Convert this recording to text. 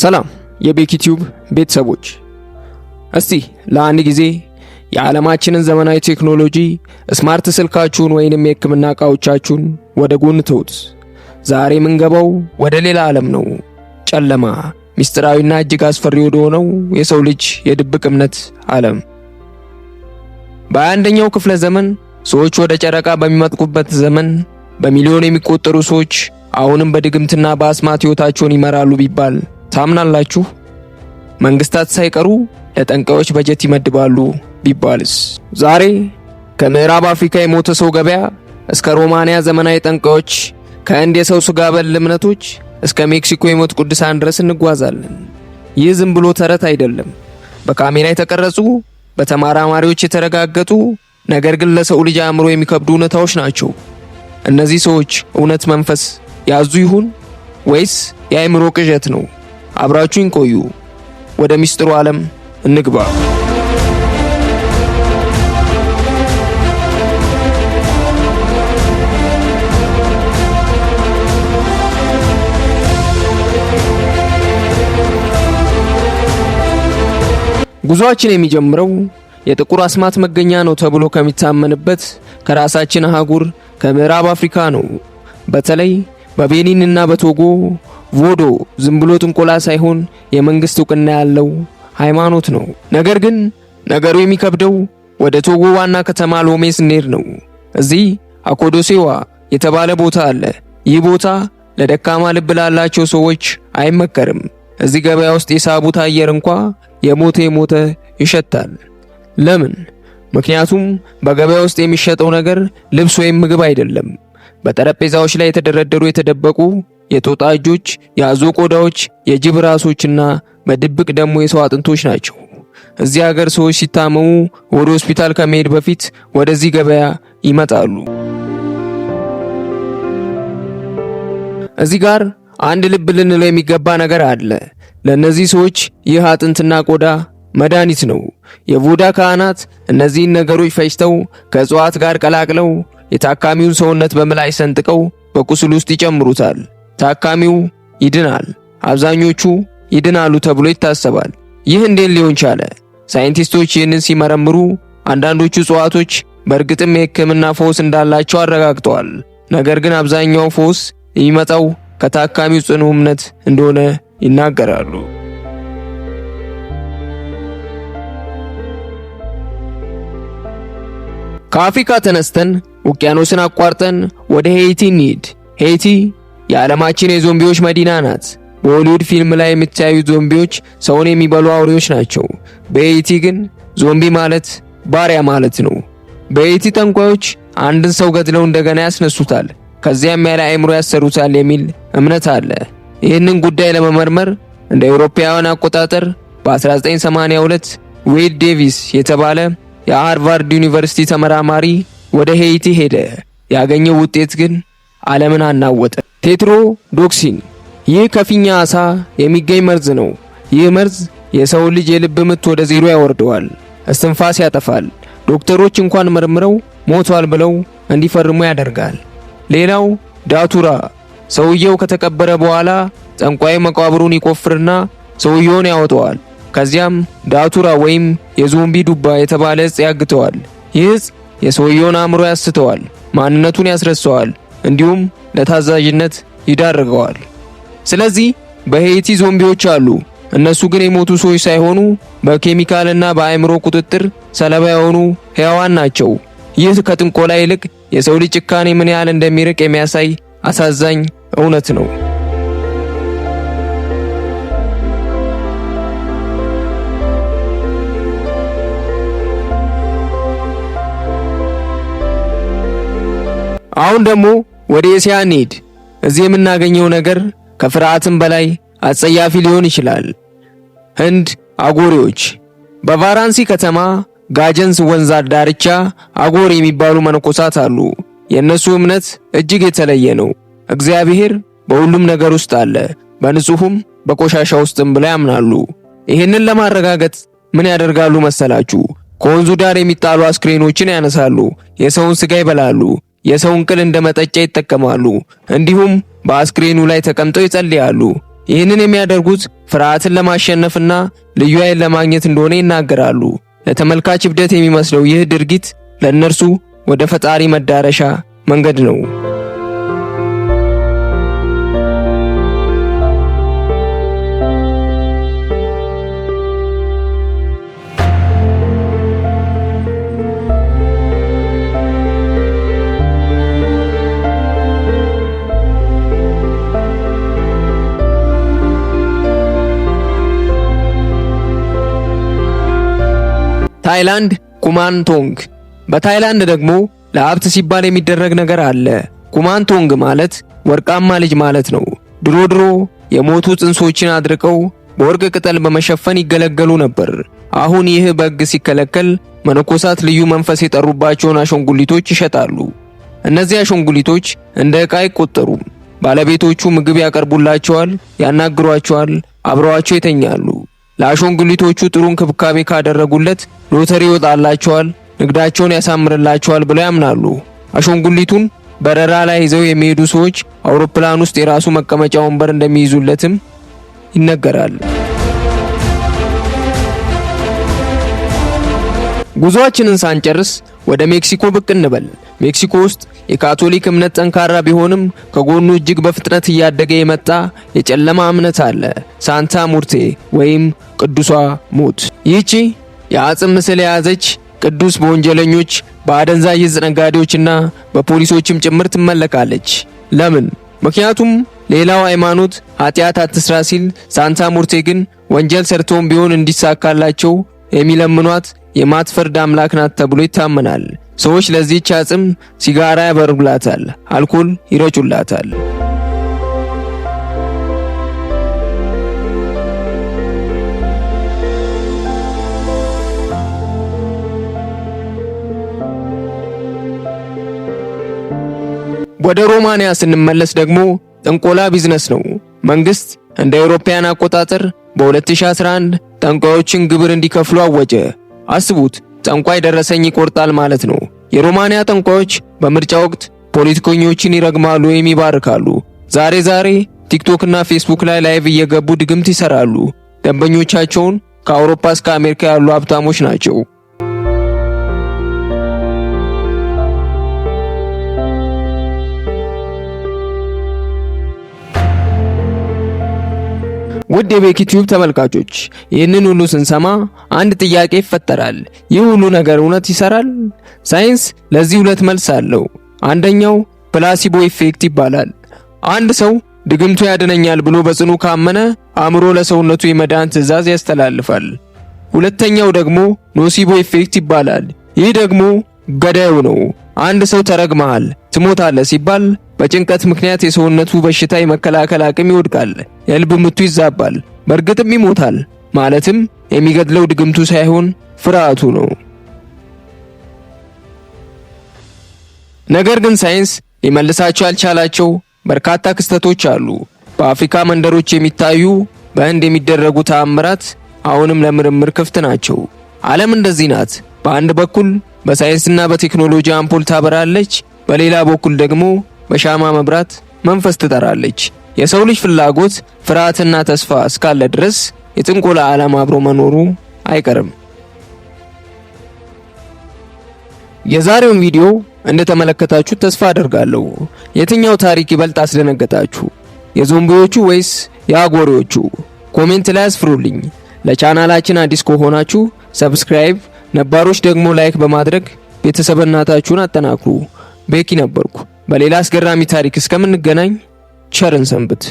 ሰላም የቤኪ ቤተሰቦች፣ እስቲ ለአንድ ጊዜ የዓለማችንን ዘመናዊ ቴክኖሎጂ ስማርት ስልካችሁን ወይንም የሕክምና ዕቃዎቻችሁን ወደ ጎን ተውት። ዛሬ የምንገባው ወደ ሌላ ዓለም ነው። ጨለማ፣ ምስጢራዊና እጅግ አስፈሪ ወደ ሆነው የሰው ልጅ የድብቅ እምነት ዓለም። በአንደኛው ክፍለ ዘመን ሰዎች ወደ ጨረቃ በሚመጥቁበት ዘመን በሚሊዮን የሚቆጠሩ ሰዎች አሁንም በድግምትና በአስማት ሕይወታቸውን ይመራሉ ቢባል ታምናላችሁ? መንግስታት ሳይቀሩ ለጠንቋዮች በጀት ይመድባሉ ቢባልስ? ዛሬ ከምዕራብ አፍሪካ የሞተ ሰው ገበያ እስከ ሮማንያ ዘመናዊ ጠንቋዮች፣ ከህንድ የሰው ስጋ በል እምነቶች እስከ ሜክሲኮ የሞት ቅዱሳን ድረስ እንጓዛለን። ይህ ዝም ብሎ ተረት አይደለም። በካሜራ የተቀረጹ በተማራማሪዎች የተረጋገጡ ነገር ግን ለሰው ልጅ አእምሮ የሚከብዱ እውነታዎች ናቸው። እነዚህ ሰዎች እውነት መንፈስ ያዙ ይሆን ወይስ የአእምሮ ቅዠት ነው? አብራችሁን ቆዩ። ወደ ሚስጥሩ ዓለም እንግባ። ጉዟችን የሚጀምረው የጥቁር አስማት መገኛ ነው ተብሎ ከሚታመንበት ከራሳችን አህጉር ከምዕራብ አፍሪካ ነው። በተለይ በቤኒን እና በቶጎ ቮዶ ዝም ብሎ ጥንቆላ ሳይሆን የመንግስት እውቅና ያለው ሃይማኖት ነው። ነገር ግን ነገሩ የሚከብደው ወደ ቶጎ ዋና ከተማ ሎሜ ስንሄድ ነው። እዚህ አኮዶሴዋ የተባለ ቦታ አለ። ይህ ቦታ ለደካማ ልብ ላላቸው ሰዎች አይመከርም። እዚህ ገበያ ውስጥ የሳቡት አየር እንኳ የሞተ የሞተ ይሸታል። ለምን? ምክንያቱም በገበያ ውስጥ የሚሸጠው ነገር ልብስ ወይም ምግብ አይደለም። በጠረጴዛዎች ላይ የተደረደሩ የተደበቁ የጦጣ እጆች፣ የአዞ ቆዳዎች፣ የጅብ ራሶችና በድብቅ ደግሞ የሰው አጥንቶች ናቸው። እዚህ ሀገር ሰዎች ሲታመሙ ወደ ሆስፒታል ከመሄድ በፊት ወደዚህ ገበያ ይመጣሉ። እዚህ ጋር አንድ ልብ ልንለው የሚገባ ነገር አለ። ለእነዚህ ሰዎች ይህ አጥንትና ቆዳ መድኃኒት ነው። የቡዳ ካህናት እነዚህን ነገሮች ፈጭተው ከእጽዋት ጋር ቀላቅለው የታካሚውን ሰውነት በምላይ ሰንጥቀው በቁስል ውስጥ ይጨምሩታል። ታካሚው ይድናል፣ አብዛኞቹ ይድናሉ ተብሎ ይታሰባል። ይህ እንዴት ሊሆን ቻለ? ሳይንቲስቶች ይህንን ሲመረምሩ አንዳንዶቹ እጽዋቶች በእርግጥም የሕክምና ፈውስ እንዳላቸው አረጋግጠዋል። ነገር ግን አብዛኛው ፈውስ የሚመጣው ከታካሚው ጽኑ እምነት እንደሆነ ይናገራሉ። ከአፍሪካ ተነስተን ውቅያኖስን አቋርጠን ወደ ሄይቲ እንሂድ። ሄይቲ የዓለማችን የዞምቢዎች መዲና ናት። በሆሊውድ ፊልም ላይ የምታዩ ዞምቢዎች ሰውን የሚበሉ አውሬዎች ናቸው። በሄይቲ ግን ዞምቢ ማለት ባሪያ ማለት ነው። በሄይቲ ጠንቋዮች አንድን ሰው ገድለው እንደገና ያስነሱታል፣ ከዚያም ያለ አእምሮ ያሰሩታል የሚል እምነት አለ። ይህንን ጉዳይ ለመመርመር እንደ አውሮፓውያን አቆጣጠር በ1982 ዌድ ዴቪስ የተባለ የሃርቫርድ ዩኒቨርሲቲ ተመራማሪ ወደ ሄይቲ ሄደ። ያገኘው ውጤት ግን ዓለምን አናወጠ። ቴትሮ ዶክሲን ይህ ከፊኛ አሳ የሚገኝ መርዝ ነው። ይህ መርዝ የሰው ልጅ የልብ ምት ወደ ዜሮ ያወርደዋል፣ እስትንፋስ ያጠፋል። ዶክተሮች እንኳን መርምረው ሞቷል ብለው እንዲፈርሙ ያደርጋል። ሌላው ዳቱራ ሰውየው ከተቀበረ በኋላ ጠንቋይ መቃብሩን ይቆፍርና ሰውየውን ያወጣዋል። ከዚያም ዳቱራ ወይም የዞምቢ ዱባ የተባለ እጽ ያግተዋል። ይህ እጽ የሰውየውን አእምሮ ያስተዋል፣ ማንነቱን ያስረሳዋል፣ እንዲሁም ለታዛዥነት ይዳርገዋል። ስለዚህ በሄይቲ ዞምቢዎች አሉ። እነሱ ግን የሞቱ ሰዎች ሳይሆኑ በኬሚካልና በአእምሮ ቁጥጥር ሰለባ የሆኑ ሕያዋን ናቸው። ይህ ከጥንቆላ ይልቅ የሰው ልጅ ጭካኔ ምን ያህል እንደሚርቅ የሚያሳይ አሳዛኝ እውነት ነው። አሁን ደግሞ ወደ እስያ እንሂድ። እዚህ የምናገኘው ነገር ከፍርሃትም በላይ አጸያፊ ሊሆን ይችላል። ህንድ አጎሪዎች በቫራንሲ ከተማ ጋጀንስ ወንዝ ዳርቻ አጎር የሚባሉ መነኮሳት አሉ። የእነሱ እምነት እጅግ የተለየ ነው። እግዚአብሔር በሁሉም ነገር ውስጥ አለ፣ በንጹህም በቆሻሻ ውስጥም ብለው ያምናሉ። ይህንን ለማረጋገጥ ምን ያደርጋሉ መሰላችሁ? ከወንዙ ዳር የሚጣሉ አስክሬኖችን ያነሳሉ፣ የሰውን ስጋ ይበላሉ፣ የሰውን ቅል እንደ መጠጫ ይጠቀማሉ። እንዲሁም በአስክሬኑ ላይ ተቀምጠው ይጸልያሉ። ይህንን የሚያደርጉት ፍርሃትን ለማሸነፍና ልዩ ኃይል ለማግኘት እንደሆነ ይናገራሉ። ለተመልካች እብደት የሚመስለው ይህ ድርጊት ለእነርሱ ወደ ፈጣሪ መዳረሻ መንገድ ነው። ታይላንድ ኩማንቶንግ። በታይላንድ ደግሞ ለሀብት ሲባል የሚደረግ ነገር አለ። ኩማንቶንግ ማለት ወርቃማ ልጅ ማለት ነው። ድሮ ድሮ የሞቱ ጽንሶችን አድርቀው በወርቅ ቅጠል በመሸፈን ይገለገሉ ነበር። አሁን ይህ በሕግ ሲከለከል መነኮሳት ልዩ መንፈስ የጠሩባቸውን አሻንጉሊቶች ይሸጣሉ። እነዚህ አሻንጉሊቶች እንደ ዕቃ አይቆጠሩም። ባለቤቶቹ ምግብ ያቀርቡላቸዋል፣ ያናግሯቸዋል፣ አብረዋቸው ይተኛሉ። ለአሾንጉሊቶቹ ጥሩ እንክብካቤ ካደረጉለት ሎተሪ ይወጣላቸዋል፣ ንግዳቸውን ያሳምርላቸዋል ብለው ያምናሉ። አሾንጉሊቱን በረራ ላይ ይዘው የሚሄዱ ሰዎች አውሮፕላን ውስጥ የራሱ መቀመጫ ወንበር እንደሚይዙለትም ይነገራል። ጉዞአችንን ሳንጨርስ ወደ ሜክሲኮ ብቅ እንበል። ሜክሲኮ ውስጥ የካቶሊክ እምነት ጠንካራ ቢሆንም ከጎኑ እጅግ በፍጥነት እያደገ የመጣ የጨለማ እምነት አለ፣ ሳንታ ሙርቴ ወይም ቅዱሷ ሞት። ይህቺ የአጽም ምስል የያዘች ቅዱስ በወንጀለኞች በአደንዛዥ ዕፅ ነጋዴዎችና በፖሊሶችም ጭምር ትመለካለች። ለምን? ምክንያቱም ሌላው ሃይማኖት ኃጢአት አትስራ ሲል፣ ሳንታ ሙርቴ ግን ወንጀል ሰርተውም ቢሆን እንዲሳካላቸው የሚለምኗት የማትፈርድ አምላክ ናት ተብሎ ይታመናል። ሰዎች ለዚህች አጽም ሲጋራ ያበሩላታል አልኮል ይረጩላታል። ወደ ሮማንያ ስንመለስ ደግሞ ጥንቆላ ቢዝነስ ነው። መንግስት እንደ አውሮፓውያን አቆጣጠር በ2011 ጠንቋዮችን ግብር እንዲከፍሉ አወጀ። አስቡት፣ ጠንቋይ ደረሰኝ ይቆርጣል ማለት ነው። የሮማንያ ጠንቋዮች በምርጫ ወቅት ፖለቲከኞችን ይረግማሉ ወይም ይባርካሉ። ዛሬ ዛሬ ቲክቶክና ፌስቡክ ላይ ላይቭ እየገቡ ድግምት ይሰራሉ። ደንበኞቻቸውን ከአውሮፓ እስከ አሜሪካ ያሉ ሀብታሞች ናቸው። ውድ የቤኪ ዩቲዩብ ተመልካቾች ይህንን ሁሉ ስንሰማ አንድ ጥያቄ ይፈጠራል። ይህ ሁሉ ነገር እውነት ይሰራል? ሳይንስ ለዚህ ሁለት መልስ አለው። አንደኛው ፕላሲቦ ኢፌክት ይባላል። አንድ ሰው ድግምቱ ያድነኛል ብሎ በጽኑ ካመነ አእምሮ ለሰውነቱ የመዳን ትዕዛዝ ያስተላልፋል። ሁለተኛው ደግሞ ኖሲቦ ኢፌክት ይባላል። ይህ ደግሞ ገዳዩ ነው። አንድ ሰው ተረግመሃል፣ ትሞታለህ ሲባል በጭንቀት ምክንያት የሰውነቱ በሽታ የመከላከል አቅም ይወድቃል። የልብ ምቱ ይዛባል፣ በእርግጥም ይሞታል። ማለትም የሚገድለው ድግምቱ ሳይሆን ፍርሃቱ ነው። ነገር ግን ሳይንስ ሊመልሳቸው ያልቻላቸው በርካታ ክስተቶች አሉ። በአፍሪካ መንደሮች የሚታዩ በህንድ የሚደረጉ ተአምራት አሁንም ለምርምር ክፍት ናቸው። ዓለም እንደዚህ ናት። በአንድ በኩል በሳይንስና በቴክኖሎጂ አምፖል ታበራለች፣ በሌላ በኩል ደግሞ በሻማ መብራት መንፈስ ትጠራለች። የሰው ልጅ ፍላጎት ፍርሃትና ተስፋ እስካለ ድረስ የጥንቆላ ዓለም አብሮ መኖሩ አይቀርም። የዛሬውን ቪዲዮ እንደተመለከታችሁ ተስፋ አደርጋለሁ። የትኛው ታሪክ ይበልጥ አስደነገጣችሁ? የዞምቢዎቹ ወይስ የአጎሬዎቹ? ኮሜንት ላይ አስፍሩልኝ። ለቻናላችን አዲስ ከሆናችሁ ሰብስክራይብ፣ ነባሮች ደግሞ ላይክ በማድረግ ቤተሰብነታችሁን አጠናክሩ። ቤኪ ነበርኩ። በሌላ አስገራሚ ታሪክ እስከምንገናኝ ቸርን ሰንብት።